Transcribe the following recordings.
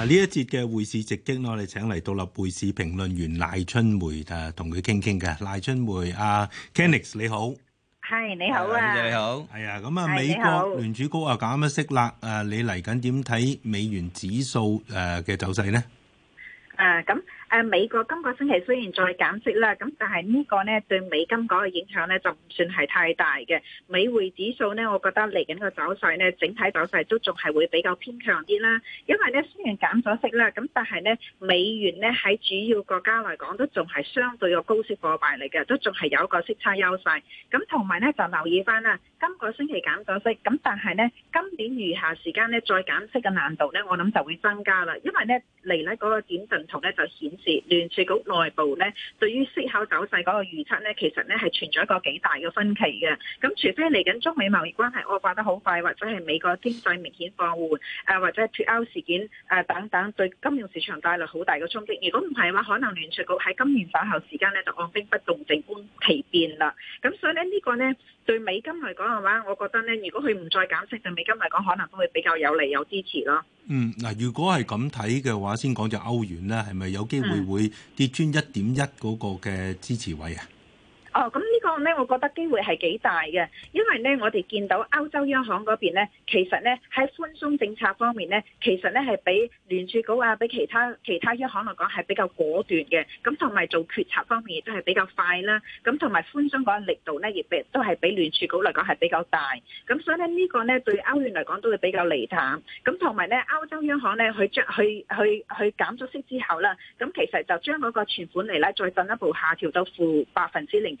嗱，呢一節嘅匯市直擊，我哋請嚟獨立匯市評論員賴春梅誒，同佢傾傾嘅。賴春梅，阿 Kenneth 你好，係你好啊，你好，係啊。咁啊，美國聯儲局啊減咗息啦。誒，你嚟緊點睇美元指數誒嘅走勢呢？誒，咁。誒美國今個星期雖然再減息啦，咁但係呢個呢對美金嗰個影響呢就唔算係太大嘅。美匯指數呢，我覺得嚟緊嘅走勢呢，整體走勢都仲係會比較偏強啲啦。因為呢，雖然減咗息啦，咁但係呢，美元呢喺主要國家嚟講都仲係相對個高息貨幣嚟嘅，都仲係有一個息差優勢。咁同埋呢，就留意翻啦，今個星期減咗息，咁但係呢，今年餘下時間呢，再減息嘅難度呢，我諗就會增加啦。因為呢，嚟呢嗰個點陣圖呢就顯。聯儲局內部咧，對於息口走勢嗰個預測咧，其實咧係存在一個幾大嘅分歧嘅。咁除非嚟緊中美貿易關係惡化得好快，或者係美國經濟明顯放緩，誒、啊、或者脱歐事件誒等等，啊、單單對金融市場帶來好大嘅衝擊。如果唔係嘅話，可能聯儲局喺今年稍後時間咧就按兵不動，靜觀其變啦。咁所以咧呢、這個咧。對美金嚟講嘅話，我覺得咧，如果佢唔再減息，對美金嚟講，可能都會比較有利有支持咯。嗯，嗱，如果係咁睇嘅話，先講就歐元啦，係咪有機會會跌穿一點一嗰個嘅支持位啊？嗯嗯。哦，咁呢個咧，我覺得機會係幾大嘅，因為咧，我哋見到歐洲央行嗰邊咧，其實咧喺寬鬆政策方面咧，其實咧係比聯儲局啊，比其他其他央行嚟講，係比較果斷嘅，咁同埋做決策方面亦都係比較快啦，咁同埋寬鬆嗰個力度咧，亦都係比聯儲局嚟講，係比較大，咁所以咧呢個咧對歐元嚟講都會比較利淡，咁同埋咧歐洲央行咧佢將去去去減咗息之後啦，咁其實就將嗰個存款利率再進一步下調到負百分之零。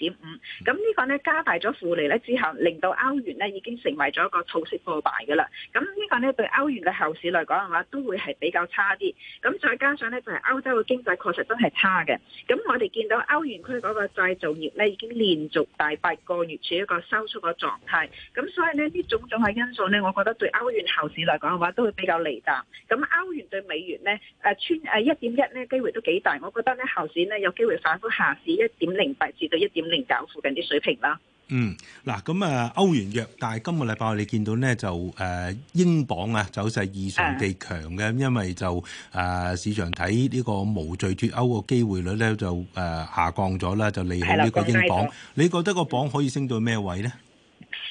點五，咁呢、嗯嗯嗯嗯嗯、個呢，加大咗負利呢之後，令到歐元呢已經成為咗一個套息貨幣噶啦。咁呢個呢，對歐元嘅後市嚟講嘅話，都會係比較差啲。咁再加上呢，就係、是、歐洲嘅經濟確實都係差嘅。咁我哋見到歐元區嗰個製造業呢，已經連續大八個月處於一個收縮嘅狀態。咁所以呢，呢種種嘅因素呢，我覺得對歐元後市嚟講嘅話，都會比較利淡。咁歐元對美元呢，誒穿誒一點一呢機會都幾大。我覺得呢，後市呢，有機會反覆下市一點零八至到一點零九附近啲水平啦。嗯，嗱，咁啊，歐元弱，但係今個禮拜我哋見到咧就誒，英鎊啊走勢異常地強嘅，因為就誒市場睇呢個無序脱歐個機會率咧就誒下降咗啦，就利好呢個英鎊。你覺得個鎊可以升到咩位咧？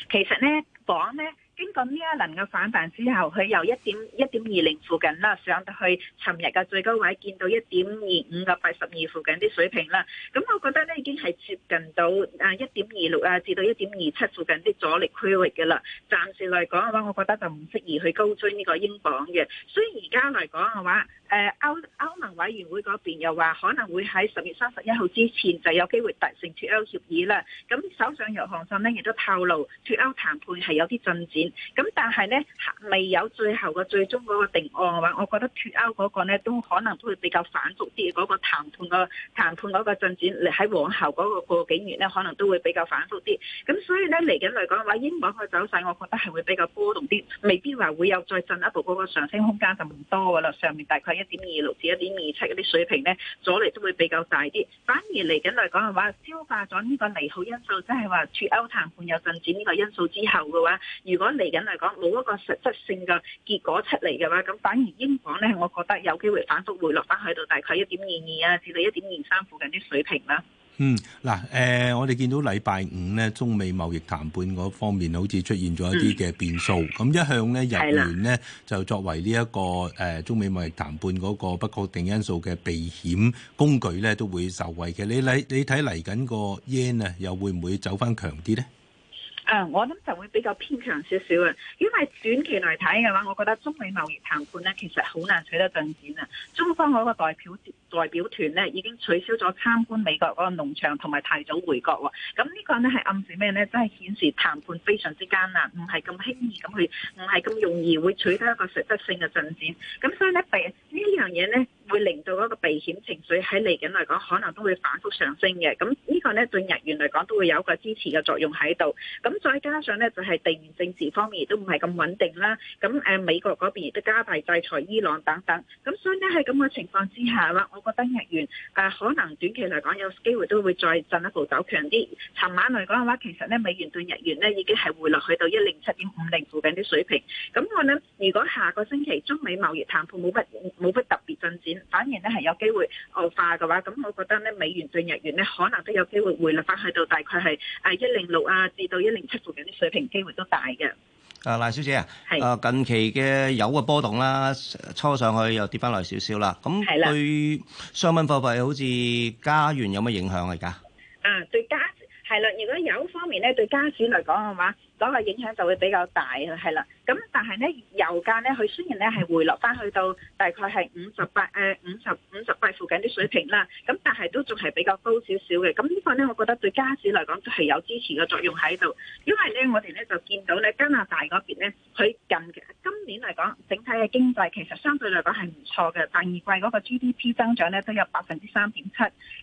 其實咧，鎊咧。經過呢一輪嘅反彈之後，佢由一點一點二零附近啦，上到去尋日嘅最高位，見到一點二五嘅八十二附近啲水平啦。咁我覺得呢已經係接近到啊一點二六啊，至到一點二七附近啲阻力區域嘅啦。暫時嚟講嘅話，我覺得就唔適宜去高追呢個英鎊嘅。所以而家嚟講嘅話，誒歐歐盟委員會嗰邊又話可能會喺十月三十一號之前就有機會達成脱歐協議啦。咁首相約翰遜呢亦都透露，脱歐談判係有啲進展。咁但係咧未有最後嘅最終嗰個定案嘅話，我覺得脱歐嗰個咧都可能都會比較反覆啲。嗰、嗰個談判，個談判嗰個進展，你喺往後嗰個個幾月咧，可能都會比較反覆啲。咁所以咧，嚟緊嚟講嘅話，英鎊嘅走勢，我覺得係會比較波動啲，未必話會有再進一步嗰個上升空間，就唔多噶啦。上面大概一點二六至一點二七嗰啲水平咧，阻力都會比較大啲。反而嚟緊嚟講嘅話，消化咗呢個利好因素，即係話脱歐談判有進展呢個因素之後嘅話，如果嚟緊嚟講冇一個實質性嘅結果出嚟嘅話，咁反而英鎊咧，我覺得有機會反覆回落翻去到大概一點二二啊，至到一點二三附近啲水平啦。嗯，嗱，誒，我哋見到禮拜五咧，中美貿易談判嗰方面好似出現咗一啲嘅變數，咁一向咧日元咧就作為呢一個誒中美貿易談判嗰個不確定因素嘅避險工具咧，都會受惠嘅。你睇你睇嚟緊個 yen 啊，又會唔會走翻強啲咧？誒，uh, 我諗就會比較偏強少少啦，因為短期嚟睇嘅話，我覺得中美貿易談判咧，其實好難取得進展啊！中方嗰個代表代表團咧已經取消咗參觀美國嗰個農場，同埋提早回國喎。咁呢個咧係暗示咩咧？真係顯示談判非常之艱難，唔係咁輕易咁去，唔係咁容易會取得一個實質性嘅進展。咁所以咧，第呢樣嘢咧。會令到嗰個避險情緒喺嚟緊嚟講，可能都會反覆上升嘅。咁呢個呢，對日元嚟講，都會有一個支持嘅作用喺度。咁再加上呢，就係、是、地緣政治方面亦都唔係咁穩定啦。咁誒美國嗰邊亦都加大制裁伊朗等等。咁所以呢，喺咁嘅情況之下啦，我覺得日元誒、啊、可能短期嚟講有機會都會再進一步走強啲。尋晚嚟講嘅話，其實呢，美元對日元呢已經係回落去到一零七點五零附近啲水平。咁我諗如果下個星期中美貿易談判冇乜冇乜特別進展，反而咧係有機會惡化嘅話，咁我覺得咧美元對日元咧可能都有機會匯率翻去到大概係誒一零六啊至到一零七附近啲水平，機會都大嘅。啊、呃，賴小姐啊，係啊是、呃，近期嘅油嘅波動啦，衝上去又跌翻落少少啦。咁對商品貨幣好似加元有乜影響啊？而家啊，對加係啦，如果油方面咧對加元嚟講係嘛？嗰個影響就會比較大，係啦。咁但係咧，油價咧，佢雖然咧係回落翻去到大概係五十八誒五十五十塊附近啲水平啦，咁但係都仲係比較高少少嘅。咁呢個咧，我覺得對家市嚟講都係有支持嘅作用喺度，因為咧，我哋咧就見到咧加拿大嗰邊咧，佢近今年嚟講，整體嘅經濟其實相對嚟講係唔錯嘅，第二季嗰個 GDP 增長咧都有百分之三點七。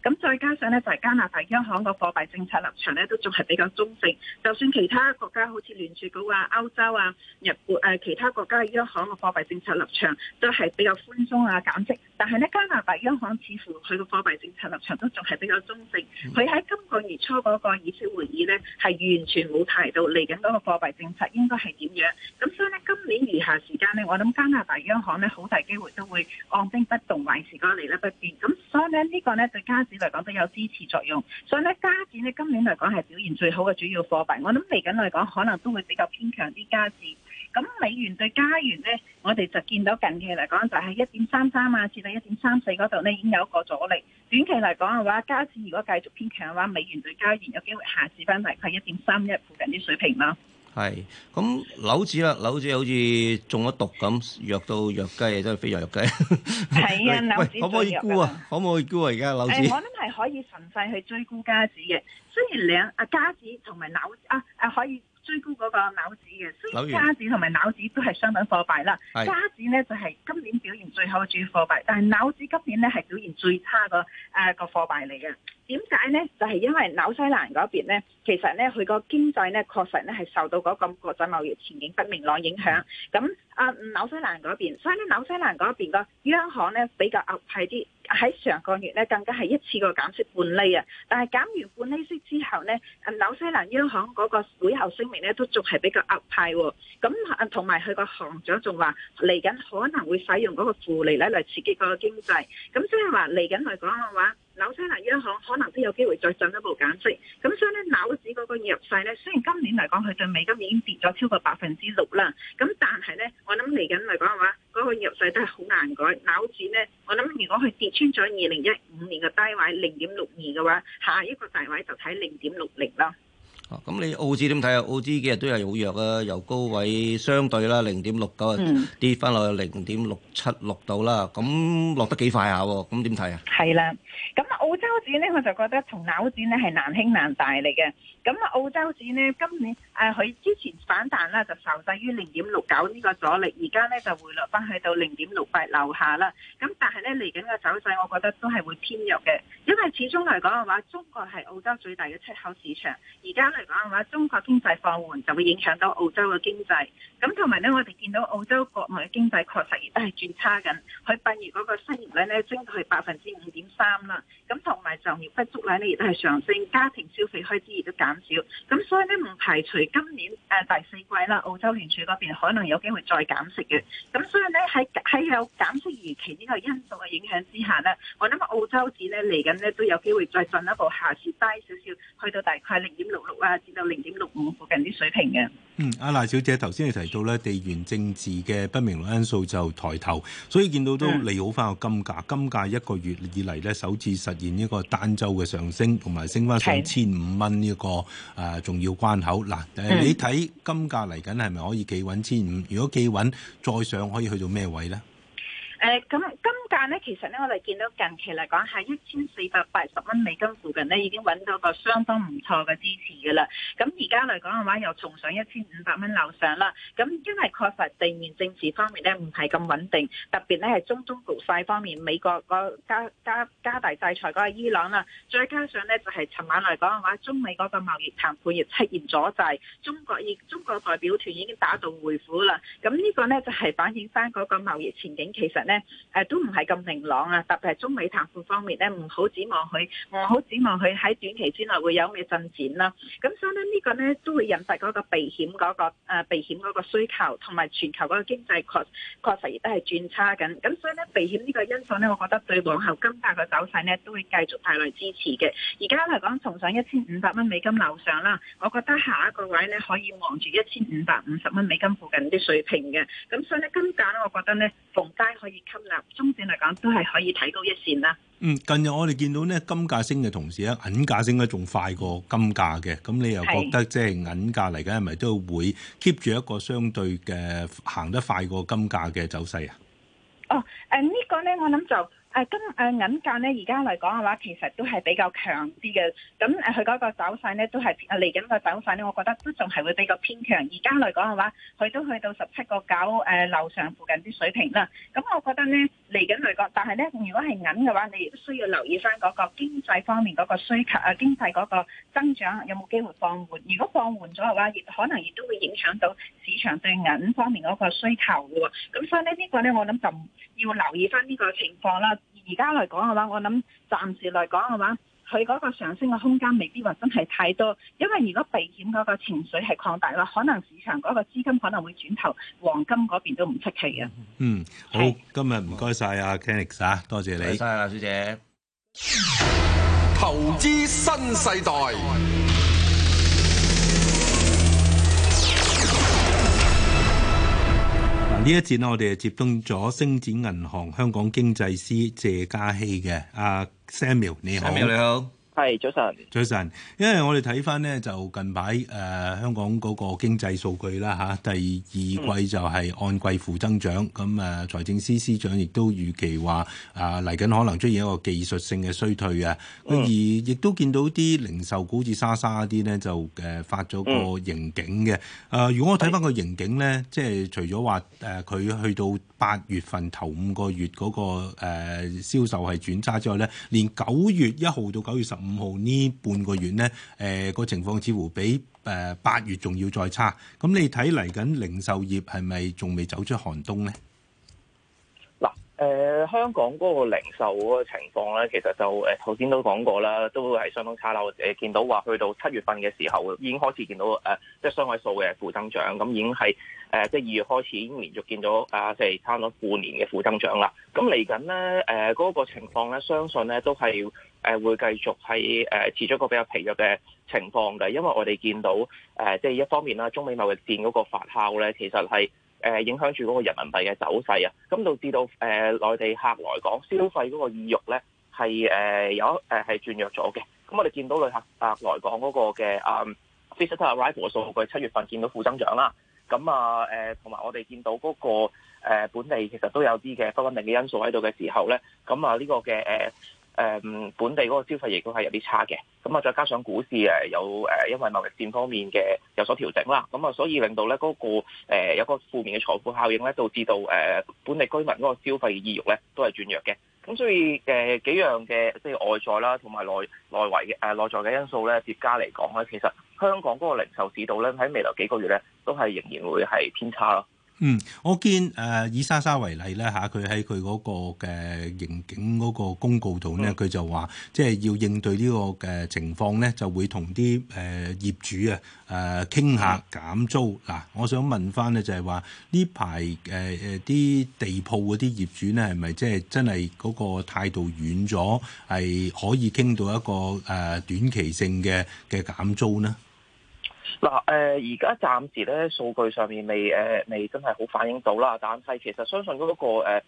咁再加上咧，就係、是、加拿大央行個貨幣政策立場咧，都仲係比較中性。就算其他國家好似聯儲局啊、歐洲啊、日本誒、呃、其他國家嘅央行個貨幣政策立場都係比較寬鬆啊、減息。但係咧，加拿大央行似乎佢個貨幣政策立場都仲係比較中性。佢喺今個月初嗰個議息會議咧，係完全冇提到嚟緊嗰個貨幣政策應該係點樣。咁所以咧，今年餘下時間咧，我諗加拿大央行咧，好大機會都會按兵不動，維持個利率不變。咁所以咧，這個、呢個咧，就加嚟講都有支持作用，所以咧，加紙咧今年嚟講係表現最好嘅主要貨幣。我諗嚟緊嚟講，可能都會比較偏強啲加紙。咁美元對加元咧，我哋就見到近期嚟講就喺一點三三啊，至到一點三四嗰度咧已經有一個阻力。短期嚟講嘅話，加紙如果繼續偏強嘅話，美元對加元有機會下試翻大概一點三一附近啲水平咯。係咁樓指啦，樓指好似中咗毒咁，弱到弱雞，真係非常弱雞。係 啊，樓指可唔可以沽啊？可唔可以沽啊？而家樓指，欸、我諗係可以順勢去追沽家指嘅，雖然兩啊家指同埋樓啊啊可以。最高嗰個紐子嘅，所以加子同埋紐子都係商品貨幣啦。加子咧就係、是、今年表現最好嘅主要貨幣，但係紐子今年咧係表現最差個誒、呃、個貨幣嚟嘅。點解咧？就係、是、因為紐西蘭嗰邊咧，其實咧佢個經濟咧確實咧係受到嗰個國際貿易前景不明朗影響咁。啊、呃，紐西蘭嗰邊，所以咧紐西蘭嗰邊個央行咧比較鴿派啲，喺上個月咧更加係一次過減息半厘啊。但係減完半厘息之後咧、呃，紐西蘭央行嗰個會後聲明咧都仲係比較鴿派喎。咁同埋佢個行長仲話，嚟緊可能會使用嗰個負利率嚟刺激個經濟。咁即係話嚟緊嚟講嘅話。紐西蘭央行可能都有機會再進一步減息，咁所以咧，紐紙嗰個弱勢咧，雖然今年嚟講，佢對美金已經跌咗超過百分之六啦，咁但係咧，我諗嚟緊嚟講嘅話，嗰、那個弱勢都係好難改。紐紙咧，我諗如果佢跌穿咗二零一五年嘅低位零點六二嘅話，下一個大位就睇零點六零啦。咁、哦、你澳紙點睇啊？澳紙幾日都係好弱啊，由高位相對69、嗯、啦，零點六九啊，跌翻落去零點六七六度啦，咁落得幾快下喎？咁點睇啊？係啦，咁澳洲紙咧，我就覺得同紐紙咧係難兄難弟嚟嘅。咁啊，澳洲市咧今年，誒、呃、佢之前反彈啦，就受制於零點六九呢個阻力，而家咧就回落翻去到零點六八樓下啦。咁但係咧嚟緊嘅走勢，我覺得都係會偏弱嘅，因為始終嚟講嘅話，中國係澳洲最大嘅出口市場。而家嚟講嘅話，中國經濟放緩就會影響到澳洲嘅經濟。咁同埋咧，我哋見到澳洲國內嘅經濟確實亦都係轉差緊，佢畢業嗰個失業率咧升到去百分之五點三啦。咁同埋就業不足率咧亦都係上升，家庭消費開支亦都減少，咁所以咧唔排除今年誒、呃、第四季啦，澳洲聯儲嗰邊可能有機會再減息嘅。咁所以咧喺喺有減息預期呢、呢個因素嘅影響之下咧，我諗澳洲指咧嚟緊咧都有機會再進一步下試低少少，去到大概零點六六啊，至到零點六五附近啲水平嘅。嗯，阿、啊、賴小姐頭先你提到咧地緣政治嘅不明因素就抬頭，所以見到都利好翻個金價。的金價一個月以嚟咧首次實現一個單周嘅上升，同埋升翻上千的五蚊呢一個重要關口。嗱，呃、的你睇金價嚟緊係咪可以企穩千五？如果企穩再上，可以去到咩位咧？誒、呃，咁、嗯嗯咧，其實呢，我哋見到近期嚟講喺一千四百八十蚊美金附近呢，已經揾到個相當唔錯嘅支持噶啦。咁而家嚟講嘅話，又重上一千五百蚊樓上啦。咁因為確實地面政治方面呢，唔係咁穩定，特別呢係中東局勢方面，美國個加加大制裁嗰個伊朗啦，再加上呢，就係尋晚嚟講嘅話，中美嗰個貿易談判亦出現阻滯，中國以中國代表團已經打道回府啦。咁呢個呢，就係反映翻嗰個貿易前景，其實呢，誒都唔係咁明朗啊，特別係中美談判方面咧，唔好指望佢，唔好指望佢喺短期之內會有咩進展啦、啊。咁所以呢，呢、呢個呢都會引發嗰個避險嗰、嗰個、啊、避險嗰個需求，同埋全球嗰個經濟確確實亦都係轉差緊。咁所以呢，避險呢個因素呢，我覺得對往後金價嘅走勢呢，都會繼續帶來支持嘅。而家嚟講，重上一千五百蚊美金樓上啦，我覺得下一個位呢，可以望住一千五百五十蚊美金附近啲水平嘅。咁所以呢，金價呢，我覺得呢，逢低可以吸納。中線嚟講，都係可以睇高一線啦。嗯，近日我哋見到呢，金價升嘅同時咧，銀價升得仲快過金價嘅。咁你又覺得即係銀價嚟緊係咪都會 keep 住一個相對嘅行得快過金價嘅走勢啊？哦，誒、呃，這個，呢個咧我諗就誒金誒銀價咧而家嚟講嘅話，其實都係比較強啲嘅。咁誒，佢嗰個走勢咧都係嚟緊嘅走勢咧，我覺得都仲係會比較偏強。而家嚟講嘅話，佢都去到十七個九誒樓上附近啲水平啦。咁我覺得咧。嚟緊嚟講，但係咧，如果係銀嘅話，你亦都需要留意翻嗰個經濟方面嗰個需求啊，經濟嗰個增長有冇機會放緩？如果放緩咗嘅話，亦可能亦都會影響到市場對銀方面嗰個需求嘅喎、哦。咁所以咧，呢個、呢個咧，我諗就要留意翻呢個情況啦。而家嚟講嘅話，我諗暫時嚟講嘅話。佢嗰個上升嘅空間未必話真係太多，因為如果避險嗰個情緒係擴大啦，可能市場嗰個資金可能會轉投黃金嗰邊都唔出奇啊。嗯，好，今日唔該晒啊，Kenneth 啊，是啊，多謝你。唔該曬小姐。投資新世代。呢一節我哋係接通咗星展銀行香港經濟師謝家曦嘅，阿、啊、Samuel 你好。s Samuel，你好。係早晨，早晨。因為我哋睇翻呢，就近排誒香港嗰個經濟數據啦，嚇第二季就係按季負增長。咁誒財政司司長亦都預期話，啊嚟緊可能出現一個技術性嘅衰退啊。咁而亦都見到啲零售股好似沙沙啲呢，就誒發咗個盈警嘅。誒如果我睇翻個盈警呢，即係除咗話誒佢去到八月份頭五個月嗰個誒銷售係轉差之外呢，連九月一號到九月十五。五號呢半個月呢誒個、呃、情況似乎比誒、呃、八月仲要再差。咁你睇嚟緊零售業係咪仲未走出寒冬呢？嗱、呃，誒香港嗰個零售嗰個情況呢，其實就誒頭先都講過啦，都係相當差囉嘅。我見到話去到七月份嘅時候已經開始見到誒、呃，即係雙位數嘅負增長，咁已經係誒、呃、即係二月開始已經連續見到啊即係差唔多半年嘅負增長啦。咁嚟緊呢誒嗰、呃嗰個情況呢，相信呢都係。誒會繼續係誒持續個比較疲弱嘅情況嘅，因為我哋見到誒即係一方面啦，中美貿易戰嗰個發酵咧，其實係誒影響住嗰個人民幣嘅走勢啊，咁導致到誒、呃、內地客來港消費嗰個意欲咧係誒有誒係轉弱咗嘅。咁我哋見到旅客客來港嗰個嘅啊、呃、visitor arrival 數據七月份見到負增長啦，咁啊誒同埋我哋見到嗰、那個、呃、本地其實都有啲嘅不穩定嘅因素喺度嘅時候咧，咁啊呢個嘅誒。呃誒本地嗰個消費亦都係有啲差嘅，咁啊再加上股市誒有誒因為貿易戰方面嘅有所調整啦，咁啊所以令到咧嗰個有個負面嘅財富效應咧，導致到誒本地居民嗰個消費意欲咧都係轉弱嘅，咁所以誒幾樣嘅即係外在啦，同埋內內圍嘅誒內在嘅因素咧，疊加嚟講咧，其實香港嗰個零售市道咧喺未來幾個月咧都係仍然會係偏差咯。嗯，我見誒、呃、以莎莎為例咧嚇，佢喺佢嗰個嘅盈警嗰個公告度咧，佢、嗯、就話即係要應對呢個嘅情況咧，就會同啲誒業主啊誒傾下減租。嗱，我想問翻咧就係話呢排誒誒啲地鋪嗰啲業主咧，係咪即係真係嗰個態度軟咗，係可以傾到一個誒、呃、短期性嘅嘅減租咧？嗱，誒而家暫時咧數據上面未誒未真係好反映到啦，但係其實相信嗰、嗰、一個誒鋪、呃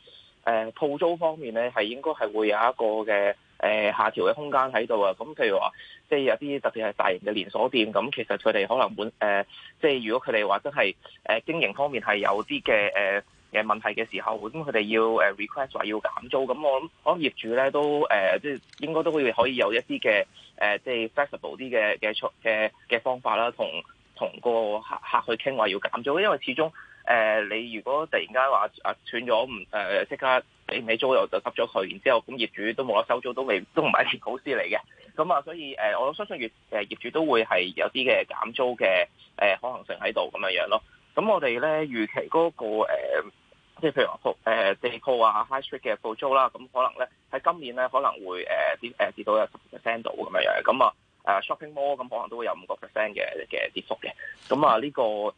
呃、租方面咧係應該係會有一個嘅誒、呃、下調嘅空間喺度啊。咁譬如話，即係有啲特別係大型嘅連鎖店，咁其實佢哋可能本誒、呃、即係如果佢哋話真係誒經營方面係有啲嘅誒、呃嘅問題嘅時候，咁佢哋要誒 request 話要減租，咁我諗我諗業主咧都誒，即、呃、係應該都會可以有一啲嘅誒，即係 flexible 啲嘅嘅措嘅嘅方法啦，同同個客客去傾話要減租，因為始終誒、呃、你如果突然間話啊斷咗唔誒，即、呃、刻俾唔起租又就執咗佢，然之後咁業主都冇得收租，都未都唔係一件好事嚟嘅。咁啊，所以誒、呃，我相信業誒業主都會係有啲嘅減租嘅誒可能性喺度咁樣樣咯。咁我哋咧預期嗰個誒，即係譬如鋪誒地鋪啊、high street 嘅鋪租啦，咁可能咧喺今年咧可能會誒跌誒跌到有十 percent 到咁樣樣，咁啊誒 shopping mall 咁可能都會有五個 percent 嘅嘅跌幅嘅，咁啊呢個誒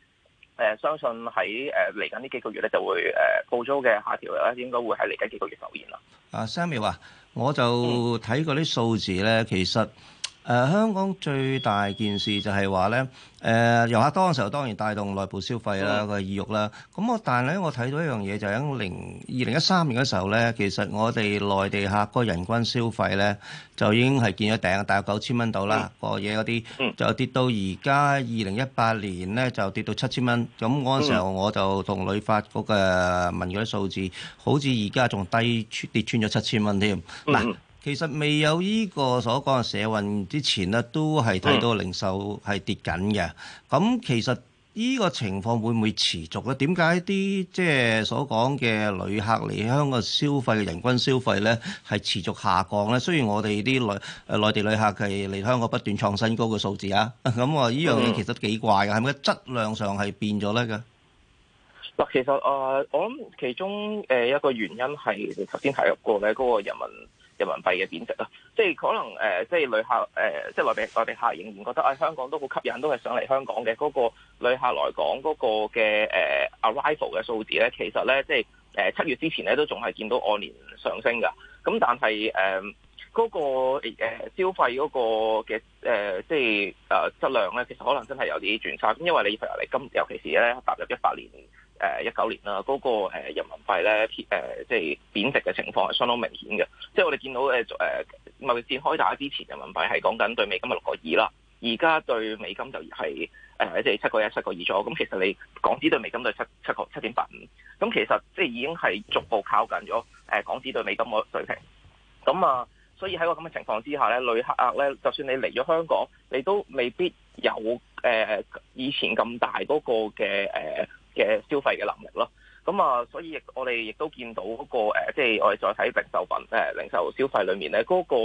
相信喺誒嚟緊呢幾個月咧就會誒鋪租嘅下調咧應該會喺嚟緊幾個月浮現啦。啊 Sammy 啊，Sammy，我就睇過啲數字咧，嗯、其實。誒、呃、香港最大件事就係話咧，誒、呃、遊客多嘅時，、嗯、時候當然帶動內部消費啦，個意欲啦。咁我但係咧，我睇到一樣嘢就喺零二零一三年嘅時候咧，其實我哋內地客個人均消費咧就已經係見咗頂，大概九千蚊到啦，個嘢嗰啲，就跌到而家二零一八年咧就跌到七千蚊。咁嗰時候我就同旅發局嘅問嗰啲數字，好似而家仲低跌穿咗七千蚊添。嗱。嗯嗯其實未有呢個所講嘅社運之前咧，都係睇到零售係跌緊嘅。咁、嗯、其實呢個情況會唔會持續咧？點解啲即係所講嘅旅客嚟香港消費嘅人均消費咧係持續下降咧？雖然我哋啲內誒內地旅客係嚟香港不斷創新高嘅數字啊，咁我呢樣嘢其實幾怪嘅，係咪質量上係變咗咧？噶嗱、嗯，其實誒、呃，我諗其中誒一個原因係頭先提及過咧，嗰個人民。人民幣嘅貶值啊，即係可能誒、呃，即係旅客誒，即係內地內地客仍然覺得啊、哎，香港都好吸引，都係上嚟香港嘅嗰、那個旅客來港嗰、那個嘅誒、呃、arrival 嘅數字咧，其實咧，即係誒七月之前咧都仲係見到按年上升噶，咁但係誒嗰個、呃、消費嗰個嘅誒、呃、即係誒質量咧，其實可能真係有啲轉差，因為你譬如今，尤其是咧踏入一八年誒一九年啦，嗰、那個、呃、人民幣咧誒即係貶值嘅情況係相當明顯嘅。即係我哋見到誒誒，貿易戰開打之前，人民幣係講緊對美金嘅六個二啦，而家對美金就係誒即係七個一、七個二咗。咁其實你港紙對美金都係七七個七點八五，咁其實即係已經係逐步靠近咗誒港紙對美金嗰個水平。咁啊，所以喺個咁嘅情況之下咧，旅客咧，就算你嚟咗香港，你都未必有誒、呃、以前咁大嗰個嘅誒嘅消費嘅能力咯。咁啊、嗯，所以亦我哋亦都見到嗰個即係我哋再睇零售品誒零售消費裏面咧，嗰個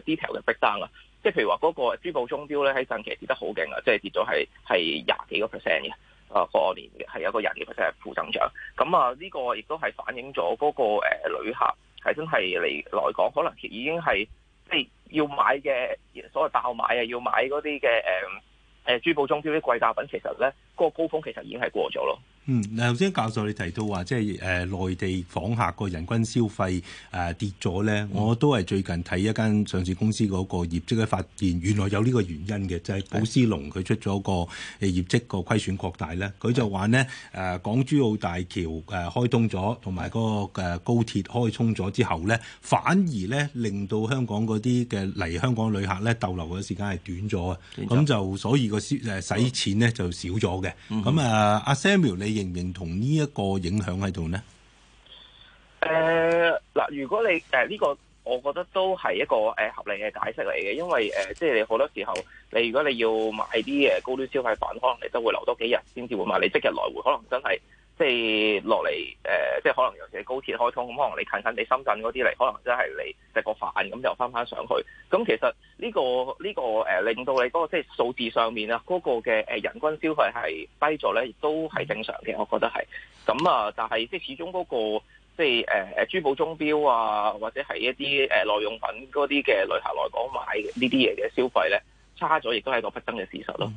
detail 嘅 break 啊，呃、down, 即係譬如話嗰個珠寶鐘錶咧喺近期跌得好勁啊，即係跌咗係係廿幾個 percent 嘅，啊過年係有個廿幾 percent 係負增長。咁啊，呢個亦都係反映咗嗰個旅客係真係嚟來，來港，可能已經係即係要買嘅所謂爆買啊，要買嗰啲嘅誒誒珠寶鐘錶啲貴價品，其實咧嗰個高峰其實已經係過咗咯。嗯，嗱，頭先教授你提到話，即係誒、呃、內地訪客個人均消費誒、呃、跌咗咧，我都係最近睇一間上市公司嗰個業績咧，發現原來有呢個原因嘅，就係堡獅龍佢出咗個業績個虧損擴大咧，佢就話呢，誒、呃、港珠澳大橋誒、呃、開通咗，同埋嗰個高鐵開通咗之後咧，反而咧令到香港嗰啲嘅嚟香港旅客咧逗留嘅時間係短咗啊，咁中就所以個消誒使錢咧就少咗嘅，咁、呃、啊阿 Samuel 你？認唔認同呢一個影響喺度呢？誒，嗱，如果你誒呢、呃這個，我覺得都係一個誒、呃、合理嘅解釋嚟嘅，因為誒、呃，即係你好多時候，你如果你要買啲誒高端消費品，可能你都會留多幾日先至會買，你即日來回，可能真係。即係落嚟，誒、呃，即係可能尤其是高鐵開通，咁可能你近近地深圳嗰啲嚟，可能真係嚟食個飯，咁就翻翻上去。咁其實呢、這個呢、這個誒、呃，令到你嗰、那個即係數字上面啊，嗰、那個嘅誒人均消費係低咗咧，亦都係正常嘅，我覺得係。咁啊，但係即係始終嗰、那個即係誒誒珠寶鐘錶啊，或者係一啲誒耐用品嗰啲嘅旅客來港買呢啲嘢嘅消費咧，差咗亦都係一個不爭嘅事實咯。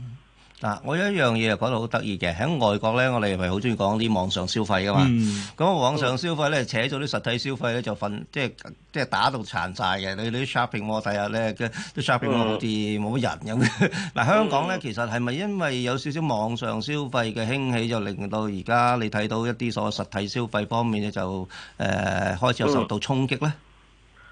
嗱，我有一樣嘢又講到好得意嘅，喺外國咧，我哋咪好中意講啲網上消費噶嘛。咁網、嗯、上消費咧，扯咗啲實體消費咧，就瞓即係即係打到殘晒嘅。你你 shopping 喎、嗯，睇下咧嘅 shopping 好似冇乜人咁。嗱、嗯， 香港咧、嗯、其實係咪因為有少少網上消費嘅興起，就令到而家你睇到一啲所謂實體消費方面咧，就、呃、誒開始有受到衝擊咧？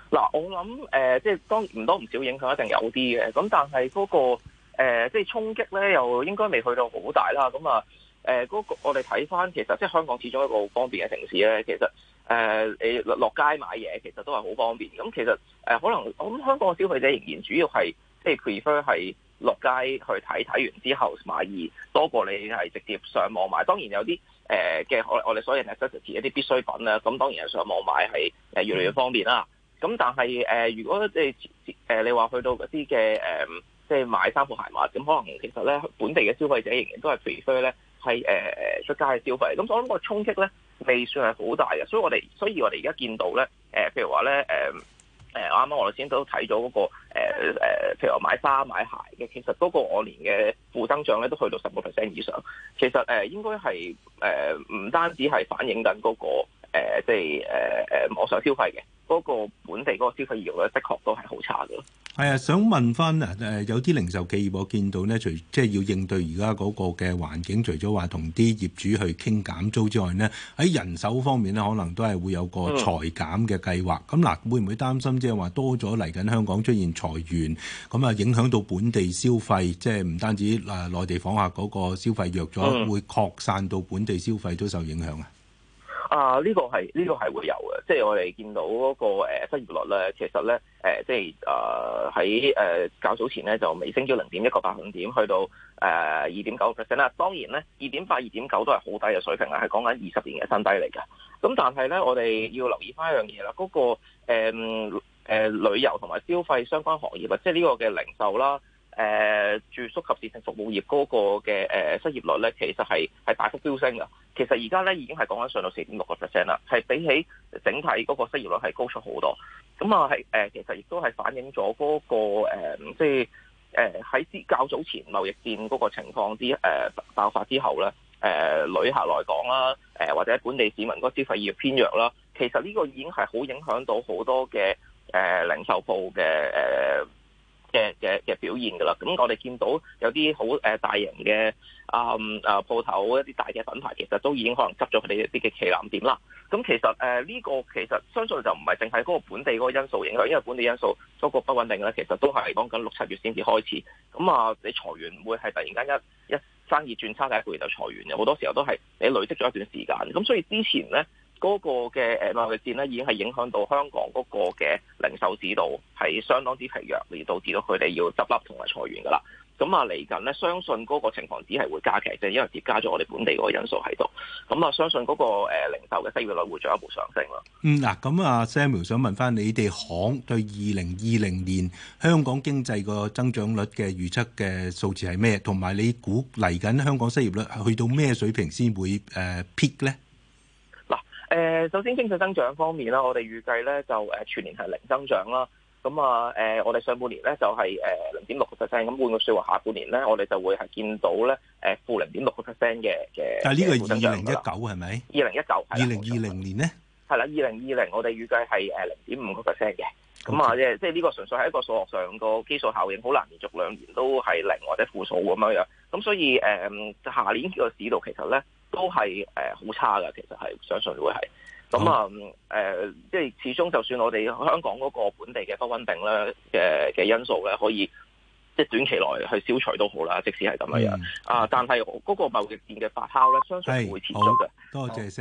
嗱、嗯，我諗誒、呃，即係當然唔多唔少影響一定有啲嘅，咁但係嗰、嗰個。誒、呃，即係衝擊咧，又應該未去到好大啦。咁、嗯、啊，誒、那、嗰個我哋睇翻，其實即係香港始終一個好方便嘅城市咧。其實誒、呃，你落落街買嘢其實都係好方便。咁、嗯、其實誒、呃，可能我諗、嗯、香港嘅消費者仍然主要係即係 prefer 係落街去睇，睇完之後買，而多過你係直接上網買。當然有啲誒嘅，我我哋所謂 necessities 一啲必需品咧，咁當然上網買係誒越嚟越方便啦。咁但係誒、呃，如果、呃、你誒你話去到嗰啲嘅誒。呃即係買衫褲鞋襪，咁可能其實咧本地嘅消費者仍然都係 prefer 咧係誒誒出街去消費，咁我諗個衝擊咧未算係好大嘅，所以我哋所以我哋而家見到咧誒、呃，譬如話咧誒誒，啱、呃、啱我哋先都睇咗嗰個誒、呃、譬如話買衫買鞋嘅，其實嗰個我年嘅負增長咧都去到十個 percent 以上，其實誒、呃、應該係誒唔單止係反映緊嗰、嗰個。誒、呃，即係誒誒，網、呃、上、呃、消費嘅嗰個本地嗰個消費業咧，的確都係好差嘅。係啊，想問翻啊，誒有啲零售企業我見到呢，除即係要應對而家嗰個嘅環境，除咗話同啲業主去傾減租之外呢，喺人手方面呢，可能都係會有個裁減嘅計劃。咁嗱、嗯，會唔會擔心即係話多咗嚟緊香港出現裁員，咁啊影響到本地消費？即係唔單止誒內地訪客嗰個消費弱咗，嗯、會擴散到本地消費都受影響啊？啊！呢、這個係呢、這個係會有嘅，即係我哋見到嗰個失業率咧，其實咧誒、呃，即係啊喺誒較早前咧就微升咗零點一個百分點，去到誒二點九 percent 啦。當然咧，二點八、二點九都係好低嘅水平啦，係講緊二十年嘅新低嚟嘅。咁但係咧，我哋要留意翻一樣嘢啦，嗰、那個誒、呃呃、旅遊同埋消費相關行業啊，即係呢個嘅零售啦。誒住宿及膳食服務業嗰個嘅誒失業率咧，其實係係大幅飆升噶。其實而家咧已經係講緊上到四點六個 percent 啦，係比起整體嗰個失業率係高出好多。咁啊係誒，其實亦都係反映咗嗰個即係誒喺較早前貿易戰嗰個情況之誒爆發之後咧，誒旅客來講啦，誒或者本地市民嗰消費業偏弱啦，其實呢個已經係好影響到好多嘅誒零售鋪嘅誒，嘅嘅嘅表現噶啦，咁我哋見到有啲好誒大型嘅、嗯、啊啊鋪頭一啲大嘅品牌，其實都已經可能執咗佢哋一啲嘅旗艦店啦。咁其實誒呢、呃呢個其實相信就唔係淨係嗰個本地嗰個因素影響，因為本地因素嗰個不穩定咧，其實都係講緊六七月先至開始。咁啊，你裁員唔會係突然間一一生意轉差第一個月就裁員嘅，好多時候都係你累積咗一段時間咁，所以之前咧。嗰個嘅誒貿易戰咧，已經係影響到香港嗰個嘅零售市道係相當之疲弱，而導致到佢哋要執笠同埋裁員噶啦。咁啊，嚟緊呢，相信嗰個情況只係會加劇啫，因為疊加咗我哋本地嗰個因素喺度。咁啊，相信嗰、嗰個、呃、零售嘅失業率會進一步上升咯。嗯，嗱，咁啊，Samuel 想問翻你哋行對二零二零年香港經濟個增長率嘅預測嘅數字係咩？同埋你估嚟緊香港失業率去到咩水平先會誒、呃、peak 呢？誒，首先經濟增長方面啦，我哋預計咧就誒全年係零增長啦。咁啊，誒我哋上半年咧就係誒零點六個 percent。咁換個說話，下半年咧我哋就會係見到咧誒負零點六個 percent 嘅嘅。呃、但係呢個係二零一九係咪？二零一九係二零二零年咧，係啦。二零二零我哋預計係誒零點五個 percent 嘅。咁啊，即係即係呢個純粹係一個數學上個基數效應，好難連續兩年都係零或者負數咁樣樣。咁所以誒、嗯，下年個市道其實咧。都係誒好差嘅，其實係相信會係咁啊誒，即係、oh. 呃、始終就算我哋香港嗰個本地嘅不穩定咧嘅嘅因素咧，可以即係短期內去消除都好啦，即使係咁樣、mm hmm. 啊，但係嗰個貿易戰嘅發酵咧，hey, 相信係會持續嘅。多謝先。Oh.